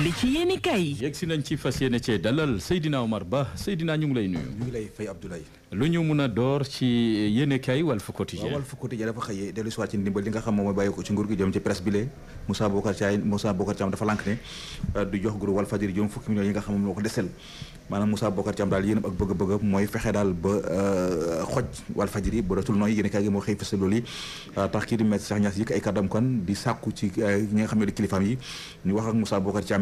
li ci yéene kay. yegg si nañ ci fas yéene cee dalal Seydina Omar Ba Seydina ñu lay nuyu. ñu lay fay Abdoulaye. lu ñu mun a door ci yéene kay Walf Quotidien. waaw Walf Quotidien dafa xëyee ko ci nguur gi jëm ci presse bi lee Moussa Bocar Thiam Moussa Bocar Thiam dafa lànk ne euh, du jox nguuru Walfadjri juróom fukki millions yi nga xam moom ko desel maanaam Moussa Bocar Thiam daal yéenam ak bëgg-bëgg mooy fexe daal ba euh, xoj Walfadjri ba dootul nooy yéene moo xëy fësal yi euh, tax kii di Maître Cheikh Niass yëkk ay kàddam kon di sàkku ci xam ne di kilifaam yi ñu wax ak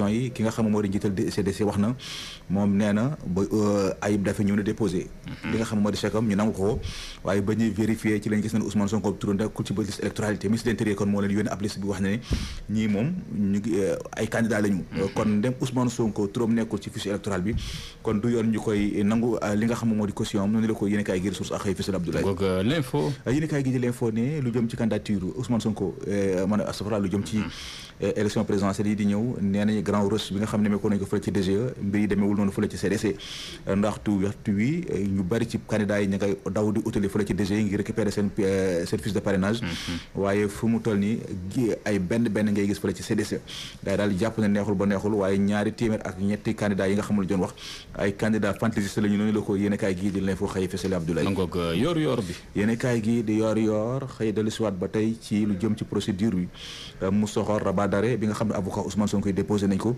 élection yi ki nga xam moo di njiital CDC wax euh, mm-hmm. kon ndem euh, mm-hmm. euh, Ousmane Sonko turam nekkul ci fiche électorale bi kon du yoon ñu koy nangu li nga xam di caution am noonu la ko yéen gi ressource ak xëy Fassal Abdoulaye yéen kaay gi di l'info ne lu jëm ci candidature Ousmane Sonko man astafra lu jëm ci mm-hmm. élection présidentielle yi di ñëw grand rush bi nga xam ne meekoo nañ ko ci DGE mbir yi demeewul noonu fële ci CDC ndaxtu waxtu wi ñu bari ci candidat yi e euh, de parrainage mm-hmm. waaye fu mu toll nii ay benn benn ngay gis fële ci ba neexul waaye ñaari téeméer ak ñetti candidat yi nga xamul joon wax ay candidat fantaisiste la ñu noonu la ko yéen a di leen euh, foo xëy fesali Abdoulaye yoor yoor bi yéen a kaay gii di yoor yoor xëy dellusiwaat ba tey ci lu jëm ci procédure bi euh, mu soxor rabat d'arrêt bi nga xam ne avocat Ousmane Sonko koy déposé nañ ko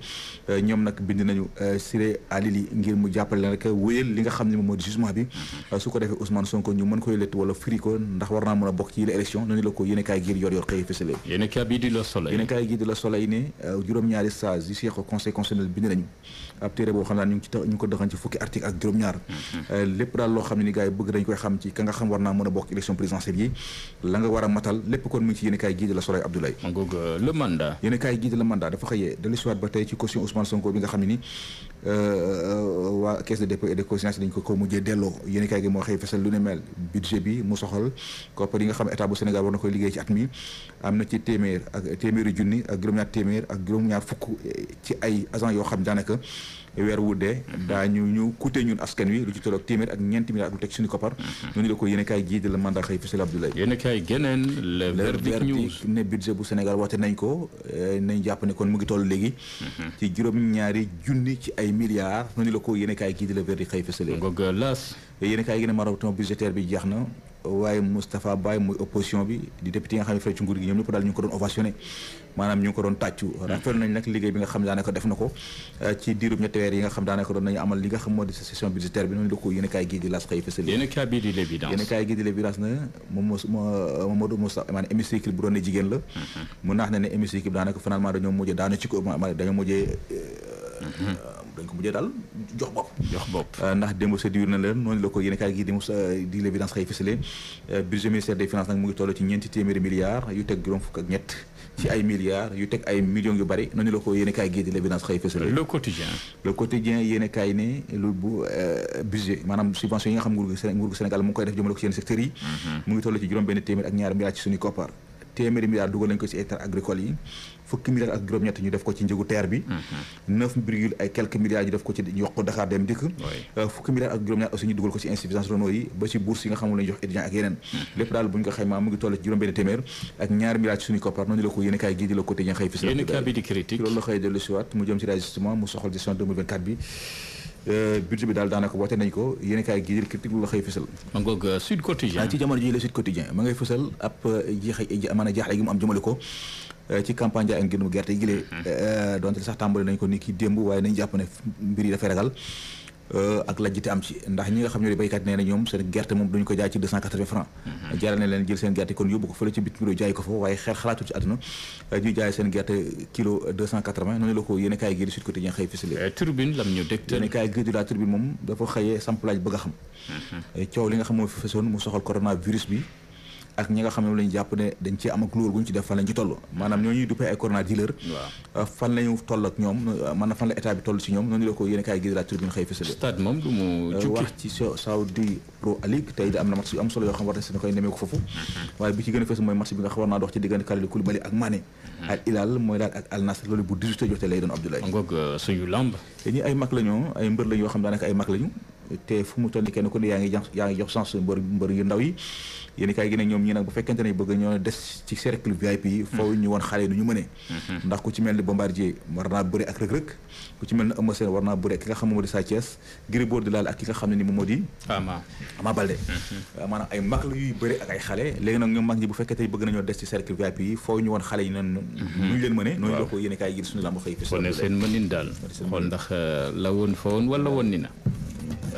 euh, ñoom nag bind nañu euh, Siré Alili ngir mu jàppale mm-hmm. a bokk la euh, mm-hmm. a kaay a nga war a matal lépp kon mu ci yéen gii di la soleil Abdoulaye le gii di la mandat dafa xëyee dellusiwaat ba tey ci caution Ousmane Sonko bi nga xam ne ni Euh, euh, waa caisse de dépôt et de consignation dañ ko mu jee delloo yéen kaay gi moo xëy fesal lu ne mel budget bi mu soxal koppar yi nga xam état bu Sénégal war na koy liggéey ci at mi am na ci téeméer ak téeméeri junni ak juróom-ñaar téeméer ak juróom-ñaar fukk eh, ci ay agent yoo xam daanaka weer wu dee mm-hmm. daañu ñu coûté ñun askan wi lu ci tolloog téeméer ak ñeenti milliards ak lu suñu koppar ñooñu mm-hmm. la ko yéen kaay gii de la mandat xëy fesal Abdoulaye yéen kaay geneen le verdict news ne bu Sénégal woote nañ ko eh, nañ jàpp ne kon mu ngi toll léegi mm-hmm. ci juróom-ñaari junni ci ay ay milliards nu ñu la ko yéen kaay gii di la verdi xëy fësale yéen kaay gi ne marathon budgétaire bi jeex na waaye Moustapha Baye muy opposition bi di député yi nga xam ne fële ci nguur gi ñoom ñëpp daal ñu ngi ko doon ovationné maanaam ñu ngi ko doon tàccu hmm. rafetlu nañ nag liggéey bi nga xam daanaka def na ko euh, ci diirub ñetti weer yi nga xam daanaka doon nañu amal li nga xam moo di session budgétaire bi noonu la ko yéen kaay gii di laas xëy fësale yéen kaay bi di l'évidence na moom Mamadou Moussa maanaam hémicycle bu doon ne jigéen la hmm. mu naax ne ne hémicycle bi daanaka finalement dañoo mujjee daanu ci ko dañoo mujjee euh, hmm. dañ mu mujjee dal jox bopp jox bopp euh, ndax démb séduire na leen noonu la ko yéen kaay gi di l'évidence xëy fësale euh, budget ministère des finances nag mu ngi toll ci ñeenti téeméeri milliards yu teg juróom fukk ak ñett ci ay milliards yu teg ay millions yu bari noonu la ko yéen kaay gi di l'évidence xëy fësale le quotidien le quotidien yéen kaay ne lu bu euh, budget maanaam subvention yi nga xam nguur Sénégal mu ngi koy def mm-hmm. toll ci juróom benn téeméer ak ñaar milliards ci suñu téeméeri milliards dugal nañ ko ci hectares agricoles yi fukki milliards ak juróom-ñett ñu def ko ci njëgu terre bi. 9 mhm. virgule ay quelques milliards ñu def ko ci ñu Dakar dem dikk. Euh, fukki milliards ak juróom-ñett ak yeneen. Mhm. lépp daal bu ñu ko xaymaa mu ngi toll ci juróom-benn téeméer ak ñaari milliards suñu koppar noonu la ko yéen a kaay gii di la côté ña xëy. fii si la loolu la xëy dellu si waat mu jëm ci daal mu soxal gestion 2024 Euh, budget bi daal daanaka woote nañ ko yéen kaay gi critique la xëy fësal ma ngoog euh, Sud Quotidien ah, ci jamono ji la Sud Quotidien ma ngay fësal ab euh, jeex maanaam jaaxle gi mu am jëmale ko ci campagne jaay ak ngënum gerte yi gilee mm-hmm. donte sax tàmbali nañ ko ni ki démb waaye nañ jàpp ne mbir yi dafay ragal Euh, ak lajjite am ci ndax ñi nga xam ñoo di béykat nee ñoom seen gerte moom duñu ko jaay ci 280 francs mhm. jaral na leen jël seen gerte kon yóbbu ko fële ci euh, noonu la ko yéen a kaay gii di Sud Quotidien xëy fisale euh, turbine lam ñu dégtal yéen a kaay gii di la turbine moom dafa xëyee samplaaj bëgg xam mhm. coow li nga xam moo mu soxal coronavirus bi ak ñi nga xam ne lañu jàpp ne dañ ci am ak luur gu ñu ci def fan lañ ci toll maanaam ñoo ñuy duppee ay corona dealer euh, fan lañu toll ak ñoom euh, maanaam euh, na match yoo xam war na seen koy nemee ko mhm. a fës mooy match bi nga xam war naa dox ci diggante mhm. ay mag lañoo ay mbër lañ yoo xam daanaka ay mag lañu te fu mu toll nii kenn ku ne yaa ngi jox yaa ngi jox chance mbër mbër yu ndaw yi yéen kaay gi ne ñoom ñi nag bu fekkente ne bëgg ñoo des ci cercle VIP yi faw ñu woon xale ñu mhm. ndax ku ci mel ni Bombardier war ku ci mel ni Eumeu Sène naa bëri ak ki nga xam ne moo di Sa Thiès Gris Bordeaux di laal ak ki nga xam ne ni moom moo di Ama Baldé mhm. euh, maanaam ay mag la yuy bëri ak ay xale des ci cercle VIP ñu mhm. leen mënee noonu la ko yéen kaay gi sunu lamb xëy fi seen mënin daal ndax euh, la woon fa woon wala woon ni na